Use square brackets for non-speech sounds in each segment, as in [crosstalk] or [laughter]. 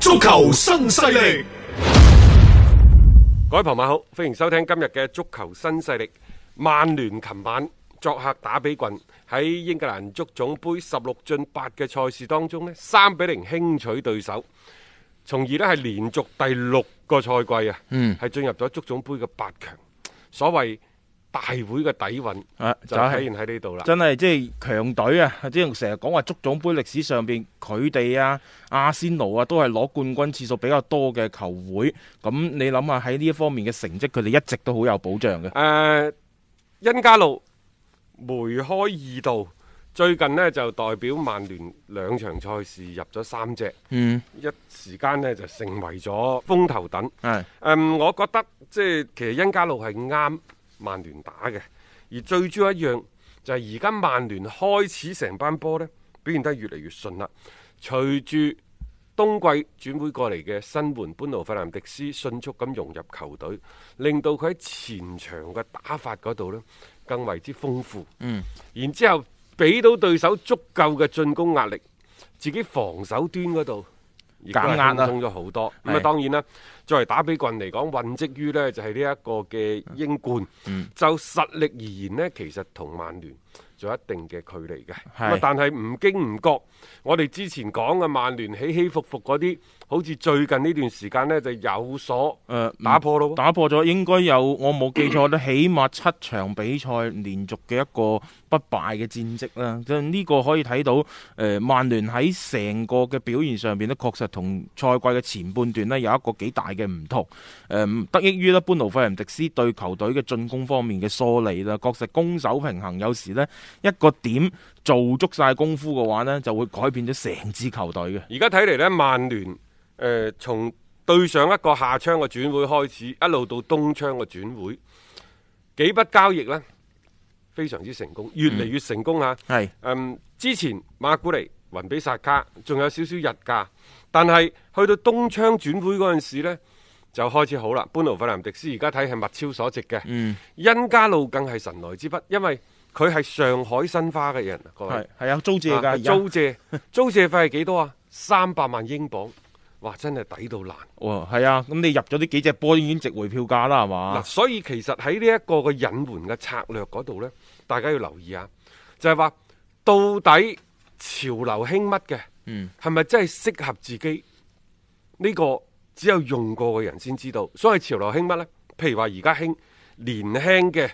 足球新勢力，各位朋友好，歡迎收聽今日嘅足球新勢力。曼聯琴晚作客打比郡，喺英格蘭足總杯十六進八嘅賽事當中呢，三比零輕取對手，從而呢係連續第六個賽季啊，嗯，係進入咗足總杯嘅八強。所謂大會嘅底蘊啊，就體現喺呢度啦。真係即係強隊啊！即係成日講話，足總杯歷史上面，佢哋啊，阿仙奴啊，都係攞冠軍次數比較多嘅球會。咁你諗下喺呢一方面嘅成績，佢哋一直都好有保障嘅。誒、呃，恩加路梅開二度，最近呢就代表曼聯兩場賽事入咗三隻，嗯，一時間呢就成為咗風頭躉。係、嗯、我覺得即係其實恩加路係啱。曼聯打嘅，而最主要一樣就係而家曼聯開始成班波呢，表現得越嚟越順啦。隨住冬季轉會過嚟嘅新援班奴費南迪斯迅速咁融入球隊，令到佢喺前場嘅打法嗰度呢更為之豐富。嗯，然之後俾到對手足夠嘅進攻壓力，自己防守端嗰度亦都輕鬆咗好多。咁啊，當然啦。作為打比郡嚟講，混跡於呢就係呢一個嘅英冠、嗯。就實力而言呢，其實同曼聯仲有一定嘅距離嘅。但係唔經唔覺，我哋之前講嘅曼聯起起伏伏嗰啲，好似最近呢段時間呢就有所打破咯、呃。打破咗應該有，我冇記錯呢起碼七場比賽連續嘅一個不敗嘅戰績啦。就呢個可以睇到、呃，曼聯喺成個嘅表現上邊，呢確實同賽季嘅前半段呢有一個幾大。嘅唔同，誒、嗯，得益於呢班奴費林迪斯對球隊嘅進攻方面嘅梳理啦，確實攻守平衡。有時呢一個點做足晒功夫嘅話呢就會改變咗成支球隊嘅。而家睇嚟呢，曼聯誒，從、呃、對上一個夏窗嘅轉會開始，一路到冬窗嘅轉會，幾筆交易呢，非常之成功，越嚟越成功吓。係、嗯，誒、嗯，之前馬古尼。雲比薩卡仲有少少日價，但係去到冬窗轉會嗰陣時呢，就開始好啦、嗯。班奴費蘭迪斯而家睇係物超所值嘅。恩加路更係神來之筆，因為佢係上海申花嘅人。係係啊，租借㗎，啊、租借 [laughs] 租借費係幾多啊？三百萬英鎊，哇！真係抵到爛哇，係、哦、啊，咁你入咗啲幾隻波音已經值回票價啦，係嘛？嗱、啊，所以其實喺呢一個嘅隱瞞嘅策略嗰度呢，大家要留意啊，就係、是、話到底。潮流興乜嘅？嗯，係咪真係適合自己？呢個只有用過嘅人先知道。所以潮流興乜呢？譬如話而家興年輕嘅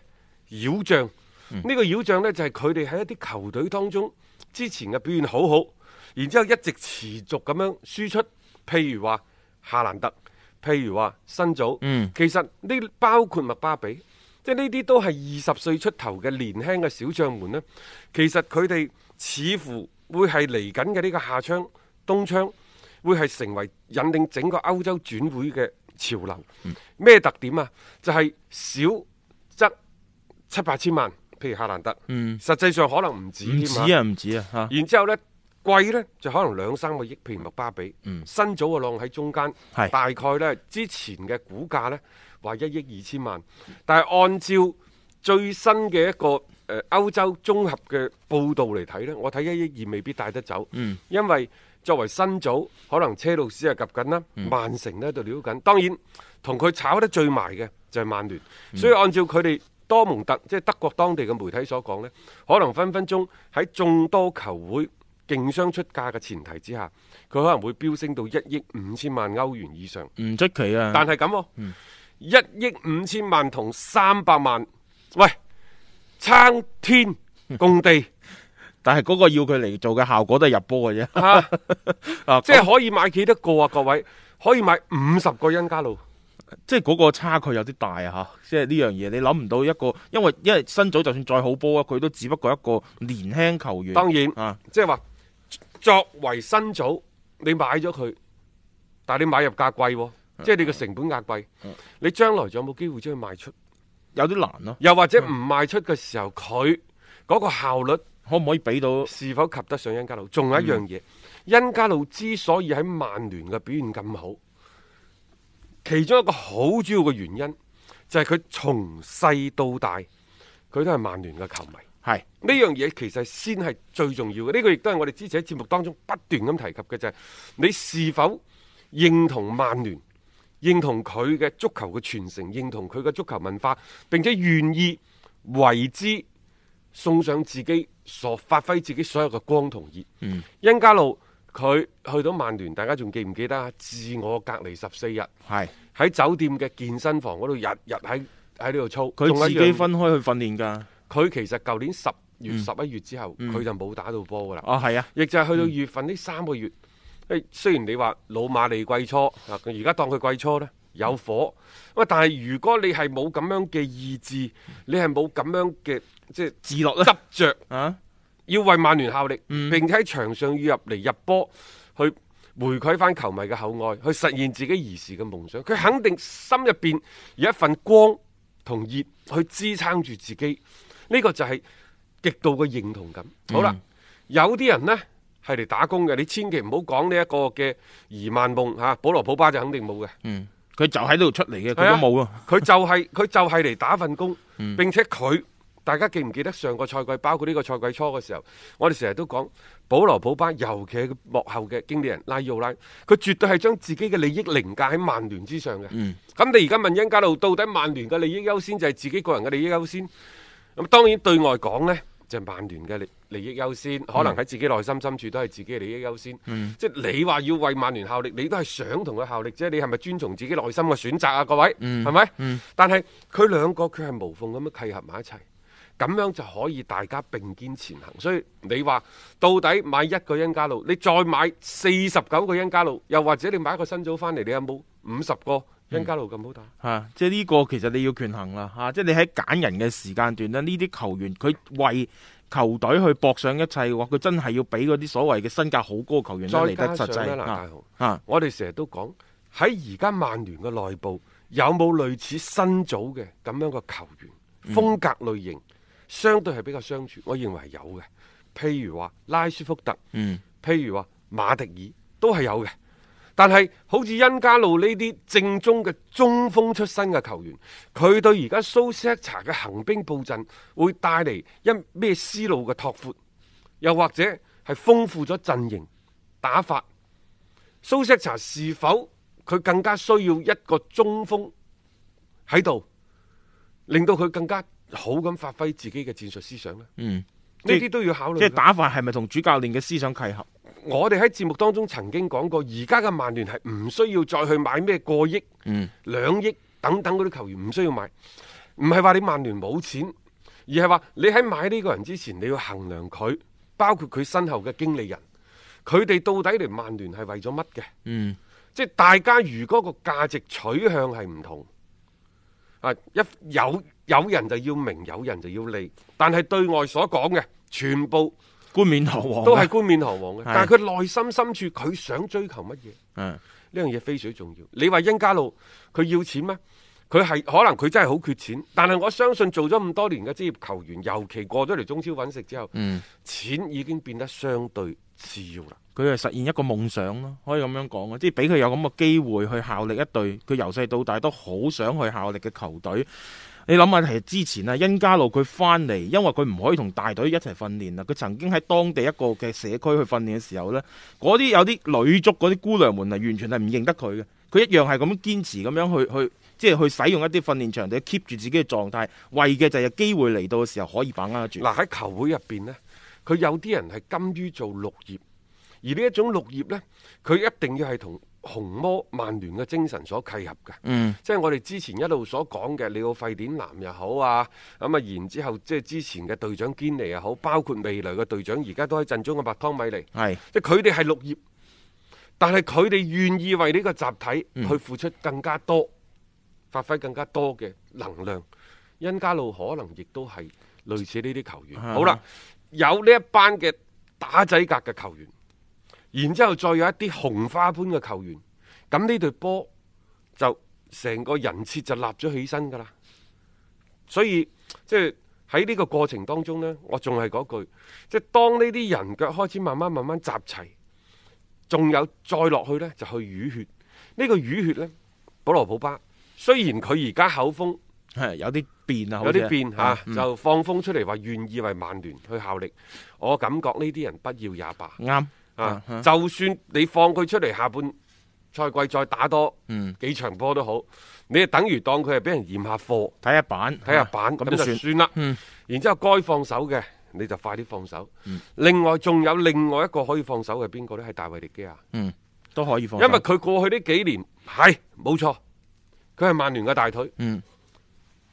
妖將，呢、嗯、個妖將呢就係佢哋喺一啲球隊當中之前嘅表現好好，然之後一直持續咁樣輸出。譬如話夏蘭特，譬如話新祖，嗯，其實呢包括麥巴比。即係呢啲都係二十歲出頭嘅年輕嘅小將們呢，其實佢哋似乎會係嚟緊嘅呢個夏窗、冬窗，會係成為引領整個歐洲轉會嘅潮流。咩、嗯、特點啊？就係、是、少則七八千萬，譬如哈蘭德。嗯，實際上可能唔止添。唔止啊，唔止啊。吓，然之後咧，貴咧就可能兩三個億，譬如麥巴比。嗯、新組嘅浪喺中間。大概呢之前嘅股價呢。話一億二千萬，但係按照最新嘅一個誒、呃、歐洲綜合嘅報道嚟睇呢，我睇一億二未必帶得走、嗯，因為作為新組，可能車路士係急緊啦，曼城呢度撩緊。當然同佢炒得最埋嘅就係曼聯、嗯，所以按照佢哋多蒙特即係、就是、德國當地嘅媒體所講呢，可能分分鐘喺眾多球會競相出價嘅前提之下，佢可能會飆升到一億五千萬歐元以上，唔出奇啊！但係咁、啊。嗯一億五千萬同三百萬，喂，撐天共地，但係嗰個要佢嚟做嘅效果都係入波嘅啫。即係可以買幾多個啊，啊？各位可以買五十個恩加路，即係嗰個差距有啲大啊！吓，即係呢樣嘢你諗唔到一個，因為因為辛祖就算再好波啊，佢都只不過一個年輕球員。當然啊，即係話作為辛祖，你買咗佢，但係你買入價貴、啊。即、就、係、是、你個成本壓貴，你將來仲有冇機會將佢賣出？有啲難咯、啊。又或者唔賣出嘅時候，佢、嗯、嗰個效率可唔可以俾到？是否及得上恩加路？仲有一樣嘢，恩、嗯、加路之所以喺曼聯嘅表現咁好，其中一個好主要嘅原因就係佢從細到大，佢都係曼聯嘅球迷。係呢樣嘢，其實先係最重要嘅。呢、這個亦都係我哋之前喺節目當中不斷咁提及嘅。就係、是、你是否認同曼聯？認同佢嘅足球嘅傳承，認同佢嘅足球文化，並且願意為之送上自己所發揮自己所有嘅光同熱。恩、嗯、加路佢去到曼聯，大家仲記唔記得啊？自我隔離十四日，係喺酒店嘅健身房嗰度日日喺喺呢度操。佢自己分開去訓練噶。佢其實舊年十月十一、嗯、月之後，佢、嗯、就冇打到波噶啦。哦，係啊，亦、啊、就係去到二月份呢三個月。嗯誒，雖然你話老馬利季初，啊，而家當佢季初呢，有火，喂、嗯，但係如果你係冇咁樣嘅意志，你係冇咁樣嘅即係自落執着啊，要為曼聯效力，嗯、並且喺場上要入嚟入波去回饋翻球迷嘅厚愛，去實現自己兒時嘅夢想，佢肯定心入邊有一份光同熱去支撐住自己，呢、呢個就係極度嘅認同感。嗯、好啦，有啲人呢，係嚟打工嘅，你千祈唔好講呢一個嘅二萬夢吓，保羅普巴就肯定冇嘅。嗯，佢就喺呢度出嚟嘅，佢都冇啊。佢就係佢就係嚟打份工，並且佢大家記唔記得上個賽季，包括呢個賽季初嘅時候，我哋成日都講保羅普巴，尤其係幕後嘅經理人拉伊奧拉，佢絕對係將自己嘅利益凌駕喺曼聯之上嘅。嗯，咁你而家問英加路，到底曼聯嘅利益優先，就係自己個人嘅利益優先？咁當然對外講呢。就曼聯嘅利益優先，可能喺自己內心深處都係自己嘅利益優先。嗯、即係你話要為曼聯效力，你都係想同佢效力，啫。你係咪尊重自己內心嘅選擇啊？各位，係、嗯、咪、嗯？但係佢兩個佢係無縫咁樣契合埋一齊，咁樣就可以大家並肩前行。所以你話到底買一個恩加路，你再買四十九個恩加路，又或者你買一個新組翻嚟，你有冇五十個？張家路咁好打？嚇、嗯，即係呢個其實你要權衡啦嚇，即、就、係、是、你喺揀人嘅時間段咧，呢啲球員佢為球隊去搏上一切嘅話，佢真係要俾嗰啲所謂嘅身價好高嘅球員再嚟得實際大啊！嚇，我哋成日都講喺而家曼聯嘅內部有冇類似新組嘅咁樣嘅球員、嗯、風格類型，相對係比較相處，我認為係有嘅。譬如話拉舒福特，嗯，譬如話馬迪爾都係有嘅。但係，好似恩加路呢啲正宗嘅中鋒出身嘅球員，佢對而家蘇斯查嘅行兵布陣會帶嚟一咩思路嘅拓闊，又或者係豐富咗陣營打法？蘇斯查是否佢更加需要一個中鋒喺度，令到佢更加好咁發揮自己嘅戰術思想呢？嗯，呢啲都要考慮、嗯。即係打法係咪同主教練嘅思想契合？我哋喺節目當中曾經講過，而家嘅曼聯係唔需要再去買咩過億、嗯、兩億等等嗰啲球員，唔需要買。唔係話你曼聯冇錢，而係話你喺買呢個人之前，你要衡量佢，包括佢身後嘅經理人，佢哋到底嚟曼聯係為咗乜嘅？嗯，即係大家如果個價值取向係唔同，啊，一有有人就要名，有人就要利，但係對外所講嘅全部。冠冕堂皇都係冠冕堂皇嘅，但係佢內心深處佢想追求乜嘢？嗯，呢樣嘢非常重要。你話殷家路佢要錢咩？佢係可能佢真係好缺錢，但係我相信做咗咁多年嘅職業球員，尤其過咗嚟中超揾食之後，嗯，錢已經變得相對次要啦。佢係實現一個夢想咯，可以咁樣講啊，即係俾佢有咁嘅機會去效力一隊，佢由細到大都好想去效力嘅球隊。你諗下，其實之前啊，殷家路佢翻嚟，因為佢唔可以同大隊一齊訓練啦。佢曾經喺當地一個嘅社區去訓練嘅時候呢，嗰啲有啲女足嗰啲姑娘們啊，完全係唔認得佢嘅。佢一樣係咁堅持咁樣去去，即係去使用一啲訓練場地，keep 住自己嘅狀態。為嘅就係有機會嚟，到嘅時候可以把握住。嗱，喺球會入邊呢，佢有啲人係甘於做綠葉，而呢一種綠葉咧，佢一定要係同。紅魔曼聯嘅精神所契合嘅、嗯，即係我哋之前一路所講嘅，你要費迪南又好啊，咁、嗯、啊，然之後即係之前嘅隊長堅尼又好，包括未來嘅隊長，而家都喺陣中嘅麥湯米尼，係即佢哋係綠葉，但係佢哋願意為呢個集體去付出更加多，嗯、發揮更加多嘅能量。恩加路可能亦都係類似呢啲球員。好啦，有呢一班嘅打仔格嘅球員。然之後再有一啲紅花般嘅球員，咁呢隊波就成個人設就立咗起身㗎喇。所以即係喺呢個過程當中呢，我仲係嗰句，即係當呢啲人腳開始慢慢慢慢集齊，仲有再落去呢，就去淤血。呢個淤血呢，保羅普巴雖然佢而家口風係有啲變啊，有啲變吓，就放風出嚟話願意為曼聯去效力。我感覺呢啲人不要也罷。啱。啊！就算你放佢出嚟，下半賽季再打多幾場波都好，你就等於當佢係俾人驗下貨，睇下板，睇下板咁就算啦。然之後該放手嘅，你就，一一一，嗯就，嗯、你就快啲放手。嗯、另外仲有另外一個可以放手嘅邊個咧？係大衛迪基亞，嗯？都可以放手。因為佢過去呢幾年係冇錯，佢係曼聯嘅大腿，嗯。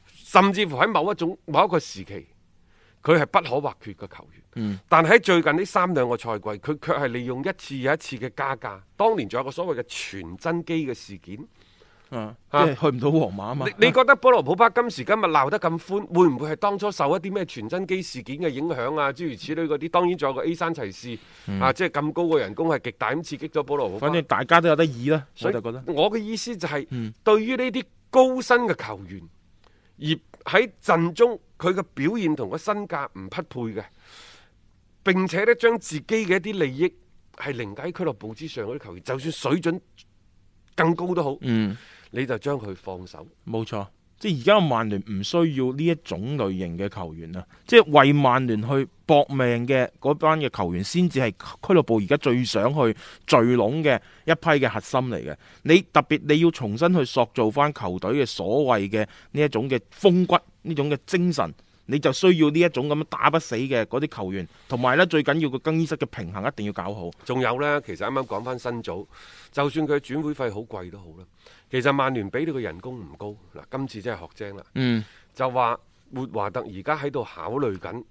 甚至乎喺某一種某一個時期，佢係不可或缺嘅球員。嗯，但喺最近呢三兩個賽季，佢卻係利用一次又一次嘅加價，當年仲有一個所謂嘅傳真機嘅事件，啊啊、去唔到皇馬啊嘛。你、啊、你覺得保羅普巴今時今日鬧得咁寬，會唔會係當初受一啲咩傳真機事件嘅影響啊？諸如此類嗰啲，當然仲有一個 A 三齊士、嗯、啊，即係咁高嘅人工係極大咁刺激咗保羅普巴。反正大家都有得議啦，所以我就覺得我嘅意思就係、是嗯，對於呢啲高薪嘅球員，而喺陣中佢嘅表現同個身價唔匹配嘅。並且咧，將自己嘅一啲利益係凌駕喺俱樂部之上嗰啲球員，就算水準更高都好，嗯，你就將佢放手。冇錯，即係而家曼聯唔需要呢一種類型嘅球員啦，即係為曼聯去搏命嘅嗰班嘅球員，先至係俱樂部而家最想去聚攏嘅一批嘅核心嚟嘅。你特別你要重新去塑造翻球隊嘅所謂嘅呢一種嘅風骨，呢種嘅精神。你就需要呢一種咁樣打不死嘅嗰啲球員，同埋呢最緊要個更衣室嘅平衡一定要搞好。仲有呢，其實啱啱講翻新組，就算佢轉會費好貴都好啦。其實曼聯俾到個人工唔高，嗱今次真係學精啦。嗯，就話活華特而家喺度考慮緊，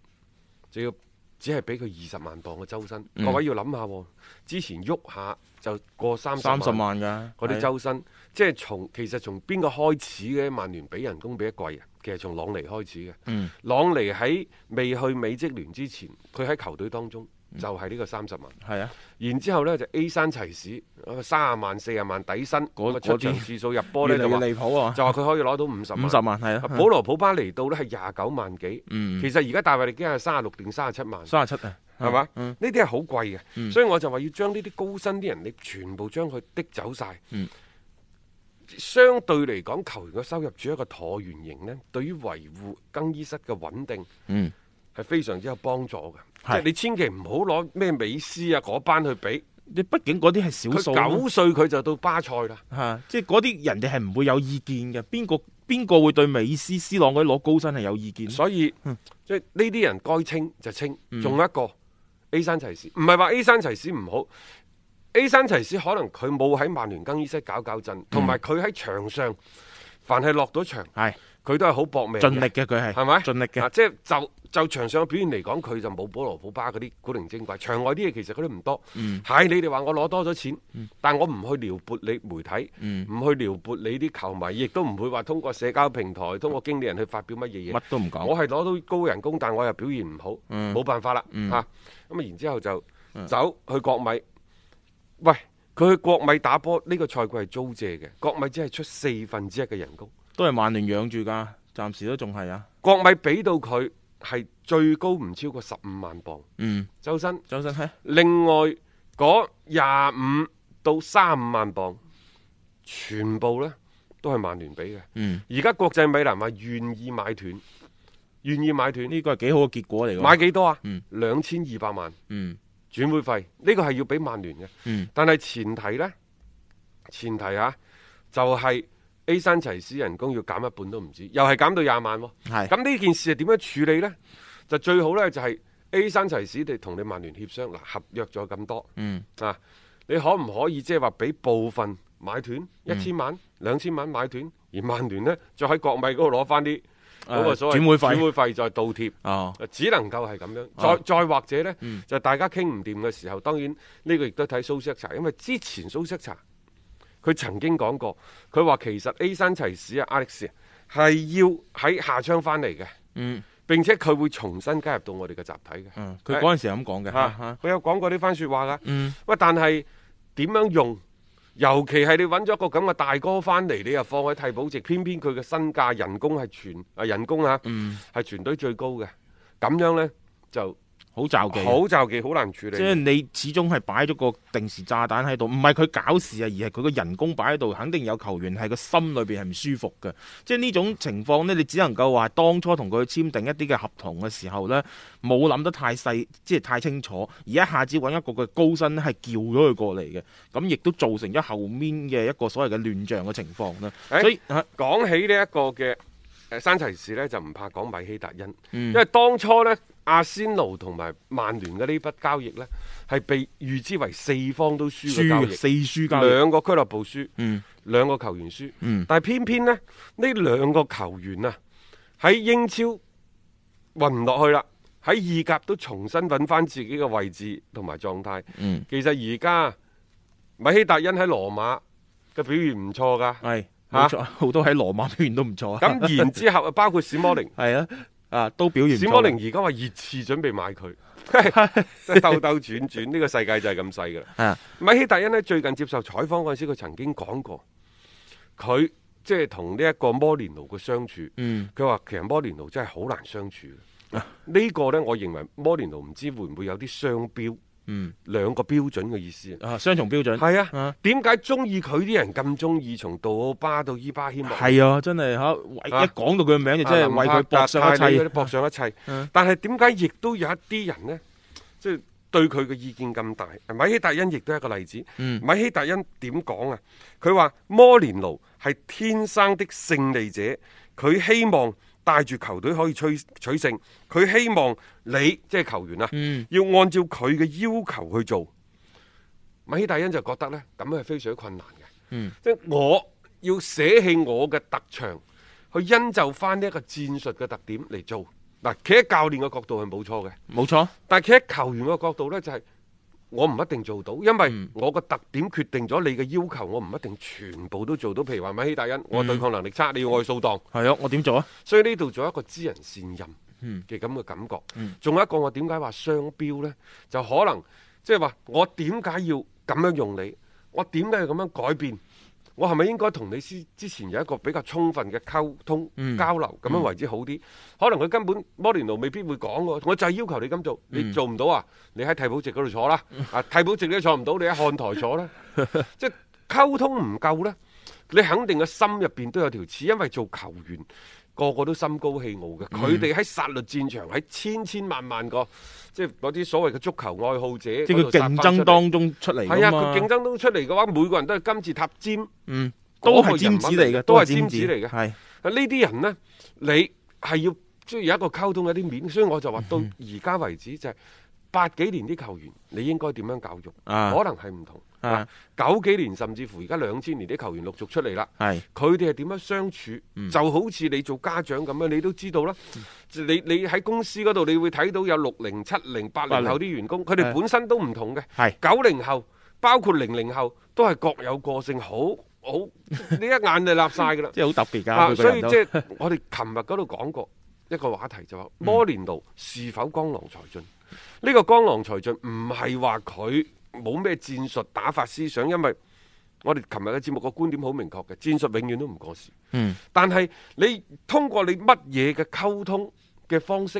就要只係俾佢二十萬磅嘅周薪，嗯。各位要諗下，之前喐下就過三十，三十萬嗰啲周薪。即係從其實從邊個開始嘅？曼聯俾人工俾得貴啊！其實從朗尼開始嘅、嗯。朗尼喺未去美職聯之前，佢喺球隊當中就係、是、呢個三十萬。係、嗯、啊。然之後咧就 A 山齊士三十萬四十萬底薪，個出場次數入波咧就越離譜啊，就話佢可以攞到五十萬。五十萬係啦。保羅普巴嚟到咧係廿九萬幾、嗯。其實而家大衛李基係卅六定卅七萬。卅七啊，係嘛？呢啲係好貴嘅、嗯，所以我就話要將呢啲高薪啲人，你全部將佢的走晒。嗯。相對嚟講，球員嘅收入處於一個橢圓形咧，對於維護更衣室嘅穩定，嗯，係非常之有幫助嘅。係、就是、你千祈唔好攞咩美斯啊嗰班去比，你畢竟嗰啲係少數。九歲佢就到巴塞啦，即係嗰啲人哋係唔會有意見嘅。邊個邊個會對美斯、斯朗嗰啲攞高薪係有意見？所以，即係呢啲人該清就清。仲有一個、嗯、A 山齊士，唔係話 A 山齊士唔好。A 山齊斯可能佢冇喺曼聯更衣室搞搞震，同埋佢喺場上凡係落到場，係佢都係好搏命盡力嘅。佢係係咪盡力嘅？即、啊、係就是、就場上表現嚟講，佢就冇保羅普巴嗰啲古靈精怪。場外啲嘢其實佢都唔多。嗯，係你哋話我攞多咗錢、嗯，但我唔去撩撥你媒體，唔、嗯、去撩撥你啲球迷，亦都唔會話通過社交平台、通過經理人去發表乜嘢嘢，乜都唔講。我係攞到高人工，但我又表現唔好，冇、嗯、辦法啦。吓、嗯、咁、嗯、啊，然之後就走、嗯、去國米。喂，佢去國米打波，呢個賽季係租借嘅，國米只係出四分之一嘅人工，都係曼聯養住噶，暫時都仲係啊。國米俾到佢係最高唔超過十五萬磅。嗯，周身，周身。係。另外嗰廿五到三五萬磅，全部呢都係曼聯俾嘅。嗯，而家國際米蘭話願意買斷，願意買斷呢個係幾好嘅結果嚟。買幾多啊？嗯，兩千二百萬。嗯。轉會費呢個係要俾曼聯嘅，但係前提呢？前提啊，就係 A 山齊斯人工要減一半都唔止，又係減到廿萬，哦，咁呢件事係點樣處理呢？就最好呢，就係 A 山齊斯哋同你曼聯協商，嗱合約咗咁多，嗯，啊，你可唔可以即係話俾部分買斷一千萬、兩千萬買斷，而曼聯呢，就喺國米嗰度攞翻啲。嗰、那個、所謂轉會費，轉會費再倒貼、啊、只能夠係咁樣。啊、再再或者呢，嗯、就大家傾唔掂嘅時候，當然呢個亦都睇蘇斯查，因為之前蘇斯查佢曾經講過，佢話其實 A 山齊士啊，阿力士係要喺夏窗翻嚟嘅，嗯。並且佢會重新加入到我哋嘅集體嘅，佢、嗯、嗰時時係咁講嘅，佢、啊啊啊、有講過呢番説話噶，喂、嗯，但係點樣用？尤其係你揾咗一個咁嘅大哥翻嚟，你又放喺替補席，偏偏佢嘅身價、人工係全啊人工啊，係、嗯、全隊最高嘅，咁樣呢？就。好驟嘅，好驟嘅，好難處理。即係你始終係擺咗個定時炸彈喺度，唔係佢搞事啊，而係佢嘅人工擺喺度，肯定有球員係個心裏邊係唔舒服嘅。即係呢種情況呢，你只能夠話當初同佢簽訂一啲嘅合同嘅時候呢，冇諗得太細，即係太清楚，而一下子揾一個嘅高薪咧，係叫咗佢過嚟嘅，咁亦都造成咗後面嘅一個所謂嘅亂象嘅情況啦、欸。所以講起呢一個嘅誒山齊士呢，就唔怕講米希達恩、嗯，因為當初呢。阿仙奴同埋曼聯嘅呢筆交易呢，係被預知為四方都輸嘅交易，四輸，兩個俱樂部輸，嗯，兩個球員輸，嗯。但係偏偏呢，呢兩個球員啊，喺英超混唔落去啦，喺意甲都重新搵翻自己嘅位置同埋狀態。其實而家米希達恩喺羅馬嘅表現唔錯噶，係好、啊、多喺羅馬表現都唔錯。咁 [laughs] 然之後啊，包括史摩寧，係啊。啊，都表現。史摩寧而家話熱刺準備買佢，兜兜轉轉，呢個世界就係咁細噶啦。 [laughs] 米希達因呢，最近接受採訪嗰陣時，佢曾經講過，佢即係同呢一個摩連奴嘅相處，佢、嗯、話其實摩連奴真係好難相處。呢 [laughs] 個呢，我認為摩連奴唔知道會唔會有啲雙標。嗯，兩個標準嘅意思啊，雙重標準係啊，點解中意佢啲人咁中意從杜奧巴到伊巴謙？係啊，真係吓、啊啊、一講到佢嘅名就真係為佢搏上一切，搏、啊、上一切。啊、但係點解亦都有一啲人呢？即係對佢嘅意見咁大？米希達恩亦都係一個例子。嗯、米希達恩點講啊？佢話摩連奴係天生的勝利者，佢希望。帶住球隊可以取取勝，佢希望你即係、就是、球員啊、嗯，要按照佢嘅要求去做。米希大恩就覺得呢，咁係非常困難嘅，即、嗯、係、就是、我要捨棄我嘅特長，去因就翻呢一個戰術嘅特點嚟做。嗱，企喺教練嘅角度係冇錯嘅，冇錯。但係企喺球員嘅角度呢，就係、是。我唔一定做到，因為我個特點決定咗你嘅要求，嗯、我唔一定全部都做到。譬如話米希大恩、嗯，我對抗能力差，你要我去掃蕩。係啊，我點做啊？所以呢度做一個知人善任嘅咁嘅感覺。仲、嗯嗯、有一個，我點解話雙標呢？就可能即係話，我點解要咁樣用你？我點解要咁樣改變？我係咪應該同你之之前有一個比較充分嘅溝通交流咁、嗯、樣為之好啲？可能佢根本摩連奴未必會講喎，我就係要求你咁做，你做唔到啊？你喺替補席嗰度坐啦、嗯，啊替補席你都坐唔到，你喺看台坐啦， [laughs] 即係溝通唔夠呢，你肯定個心入面都有條刺，因為做球員。個個都心高氣傲嘅，佢哋喺殺戮戰場，喺千千萬萬個即係嗰啲所謂嘅足球愛好者，即係佢競爭當中出嚟，係啊，佢競爭當中出嚟嘅話，每個人都係金字塔尖，嗯，那個、都係尖子嚟嘅，都係尖子嚟嘅。係呢啲人呢，你係要即係有一個溝通，有啲面，所以我就話到而家為止就係、是嗯、八幾年啲球員，你應該點樣教育？啊、可能係唔同。啊，啊！九幾年甚至乎而家兩千年啲球員陸續出嚟啦，係佢哋係點樣相處？嗯、就好似你做家長咁樣，你都知道啦、嗯。你你喺公司嗰度，你會睇到有六零、七零、八零後啲員工，佢哋本身都唔同嘅。係九零後，包括零零後，都係各有個性，好好，你一眼就立晒噶啦。即係好特別噶。所以即係我哋琴日嗰度講過一個話題，就話摩連奴是否江郎才盡？呢、這個江郎才盡唔係話佢。冇咩戰術打法思想，因為我哋琴日嘅節目個觀點好明確嘅，戰術永遠都唔過時。嗯，但係你通過你乜嘢嘅溝通嘅方式，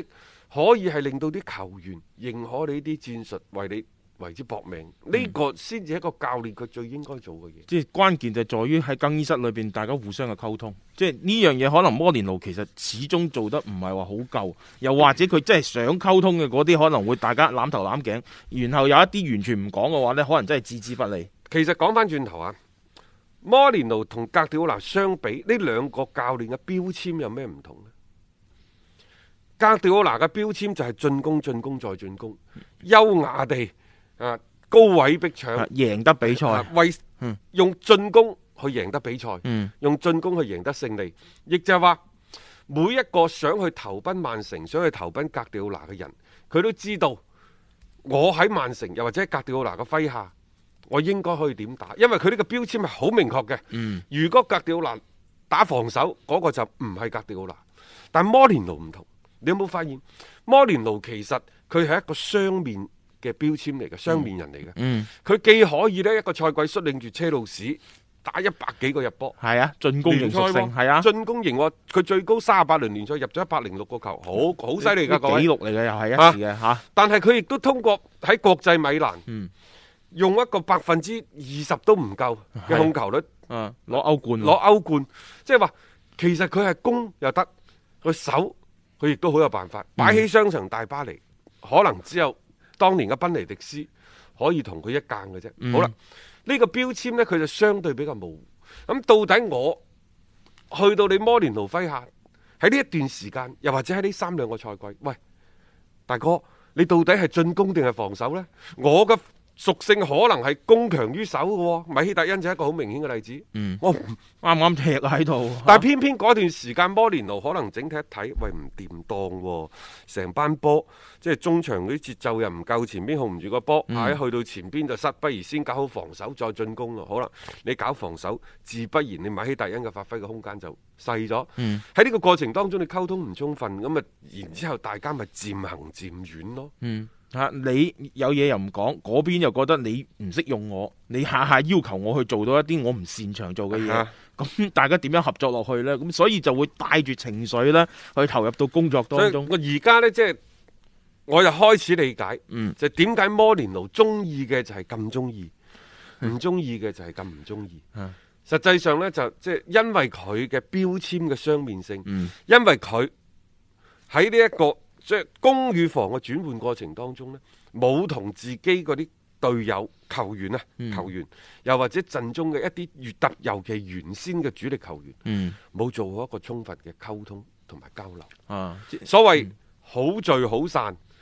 可以係令到啲球員認可你啲戰術，為你。為之搏命，呢、這個先至係一個教練佢最應該做嘅嘢、嗯。即係關鍵就在於喺更衣室裏邊，大家互相嘅溝通。即係呢樣嘢可能摩連奴其實始終做得唔係話好夠，又或者佢真係想溝通嘅嗰啲，可能會大家攬頭攬頸，然後有一啲完全唔講嘅話呢可能真係置之不理。其實講翻轉頭啊，摩連奴同格迪奧拿相比，呢兩個教練嘅標籤有咩唔同咧？格迪奧拿嘅標籤就係進攻，進攻再進攻，優雅地。啊！高位逼搶，贏得比賽、啊啊，為用進攻去贏得比賽、嗯，用進攻去贏得勝利，亦就係話每一個想去投奔曼城、想去投奔哥迪奧拿嘅人，佢都知道我喺曼城，又或者哥迪奧拿嘅麾下，我應該可以點打，因為佢呢個標籤係好明確嘅。嗯。如果哥迪奧拿打防守，嗰，那個就唔係哥迪奧拿。但摩連奴唔同，你有冇發現摩連奴其實佢係一個雙面。嘅標籤嚟嘅雙面人嚟嘅，嗯，佢、嗯、既可以呢一個賽季率領住車路士打一百幾個入波，係啊，進攻型賽波，啊，進攻型喎，佢、啊、最高三十八輪聯賽入咗一百零六個球，好好犀利㗎，記錄嚟嘅又係一次嘅嚇、啊啊。但係佢亦都通過喺國際米蘭，嗯，用一個百分之二十都唔夠嘅控球率，攞、啊、歐，歐冠，攞歐冠，即係話其實佢係攻又得，佢守，佢亦都好有辦法擺起雙層大巴嚟、嗯，可能只有。當年嘅賓尼迪斯可以同佢一間嘅啫。嗯、好啦，呢、呢個標籤呢，佢就相對比較模糊。咁到底我去到你摩連奴麾下喺呢一段時間，又或者喺呢三兩個賽季，喂，大哥，你到底係進攻定係防守呢？我嘅。屬性可能係攻強於守嘅，米希達恩就係一個好明顯嘅例子。嗯，我啱啱踢喺度，但係偏偏嗰段時間，啊，摩連奴可能整體一睇，喂，唔掂當，哦，成班波即係中場啲節奏又唔夠，前邊控唔住個波，唉，嗯，去到前邊就塞。不如先搞好防守再進攻咯。可能。你搞防守，自不然你米希達恩嘅發揮嘅空間就細咗。喺，嗯、呢個過程當中，你溝通唔充分，咁啊，然之後大家咪漸行漸遠咯。嗯。吓，你有嘢又唔講，嗰邊又覺得你唔識用我，你下下要求我去做到一啲我唔擅長做嘅嘢，咁大家點樣合作落去呢？咁所以就會帶住情緒呢去投入到工作當中。我而家呢，即係我又開始理解，嗯，就點解摩連奴中意嘅就係咁中意，唔中意嘅就係咁唔中意。實際上呢，就即係因為佢嘅標籤嘅雙面性，嗯，因為佢喺呢一個。即係攻與防嘅轉換過程當中呢，冇同自己嗰啲隊友、球員啊、球員，又或者陣中嘅一啲越特尤其原先嘅主力球員，冇做好一個充分嘅溝通同埋交流。啊，所謂好聚好散，嗯、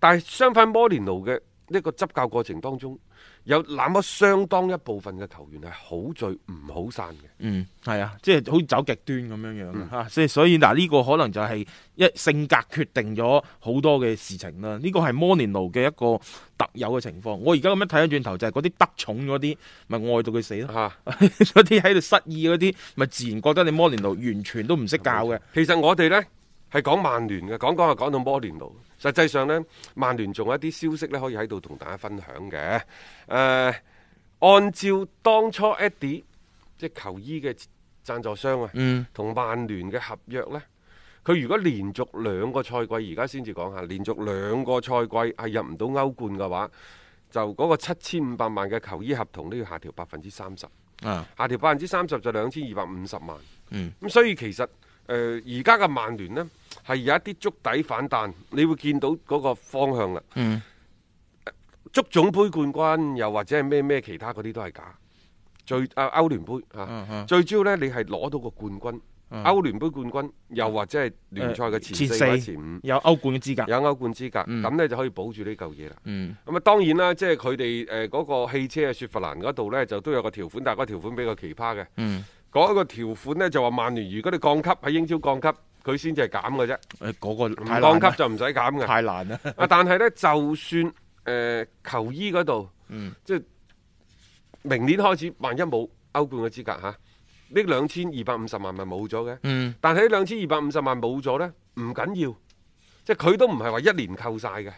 但係相反摩連奴嘅呢個執教過程當中。有那麼相當一部分嘅球員係好聚唔好散嘅，嗯，係啊，即係好似走極端咁樣樣吓、嗯啊，所以所以嗱呢個可能就係一性格決定咗好多嘅事情啦，呢個係摩連奴嘅一個特有嘅情況。我而家咁樣睇翻轉頭就係嗰啲得寵嗰啲，咪愛到佢死咯，吓、啊，嗰啲喺度失意嗰啲，咪自然覺得你摩連奴完全都唔識教嘅。其實我哋咧係講曼聯嘅，講講就講到摩連奴。實際上呢曼聯仲有一啲消息呢可以喺度同大家分享嘅。誒、呃，按照當初 Eddie 即球衣嘅贊助商啊，同、嗯、曼聯嘅合約呢，佢如果連續兩個賽季，而家先至講下，連續兩個賽季係入唔到歐冠嘅話，就嗰個七千五百萬嘅球衣合同都要下調百分之三十，下調百分之三十就兩千二百五十萬，咁、嗯嗯、所以其實。誒、呃，而家嘅曼聯呢，係有一啲觸底反彈，你會見到嗰個方向啦。足、嗯、總盃冠軍又或者係咩咩其他嗰啲都係假。最啊歐聯盃吓、啊啊，最主要呢，你係攞到個冠軍，歐、啊、聯盃冠軍又或者係聯賽嘅前四或者前、前五有歐冠嘅資格，有歐冠資格，咁、嗯、呢就可以保住呢嚿嘢啦。咁、嗯嗯、啊，當然啦，即係佢哋誒嗰個汽車嘅雪佛蘭嗰度呢，就都有一個條款，但係嗰個條款比較奇葩嘅。嗯嗰、那、一個條款咧就話、是，曼聯如果你降級喺英超降級，佢先至係減嘅啫。誒、欸，嗰、那、唔、個、降級就唔使減嘅。太難啦！啊， [laughs] 但係咧，就算球衣嗰度，嗯，即、就是、明年開始，萬一冇歐冠嘅資格嚇，呢兩千二百五十萬咪冇咗嘅。嗯，但係呢兩千二百五十萬冇咗咧，唔緊要，即係佢都唔係話一年扣晒嘅，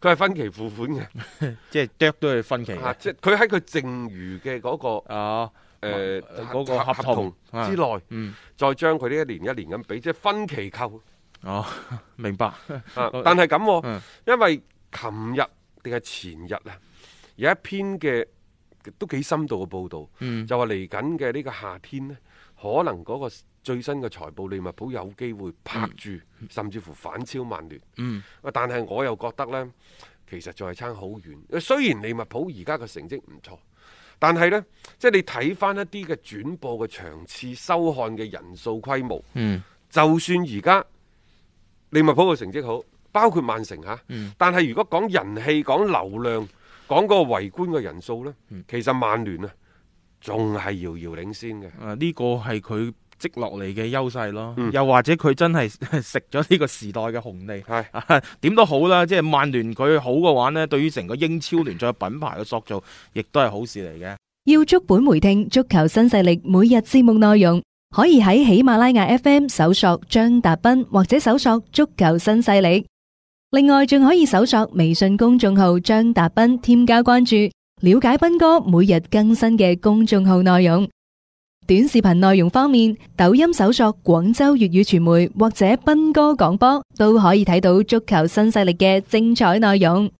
佢係分期付款嘅， [laughs] 即係啄都係分期。啊，即係佢喺佢剩餘嘅嗰、那個。哦。誒、呃、嗰、那個、合、合、合同之內，啊、嗯，再將佢呢一年一年咁俾，即、就、係、是、分期購。哦，明白。但係咁、啊，因為琴日定係前日啊，有一篇嘅都幾深度嘅報導，嗯、就話嚟緊嘅呢個夏天咧，可能嗰個最新嘅財報利物浦有機會拍住，嗯、甚至乎反超曼聯。嗯，但係我又覺得呢，其實仲係差好遠。雖然利物浦而家嘅成績唔錯。但係呢，即係你睇翻一啲嘅轉播嘅場次、收看嘅人數規模，嗯，就算而家利物浦嘅成績好，包括曼城嚇，嗯，但係如果講人氣、講流量、講嗰個圍觀嘅人數呢，嗯，其實曼聯啊，仲係遙遙領先嘅。啊，呢個係佢。積落嚟嘅優勢咯，又或者佢真係食咗呢個時代嘅紅利，點都好啦。即係曼聯佢好嘅話咧，對於成個英超聯賽品牌嘅塑造，亦都係好事嚟嘅。要足本回聽足球新勢力每日節目內容，可以喺喜馬拉雅 FM 搜索張達斌，或者搜索足球新勢力。另外，仲可以搜索微信公眾號張達斌，添加關注，了解斌哥每日更新嘅公眾號內容。短視頻內容方面，抖音搜索廣州粵語傳媒或者斌哥廣播，都可以睇到足球新勢力嘅精彩內容。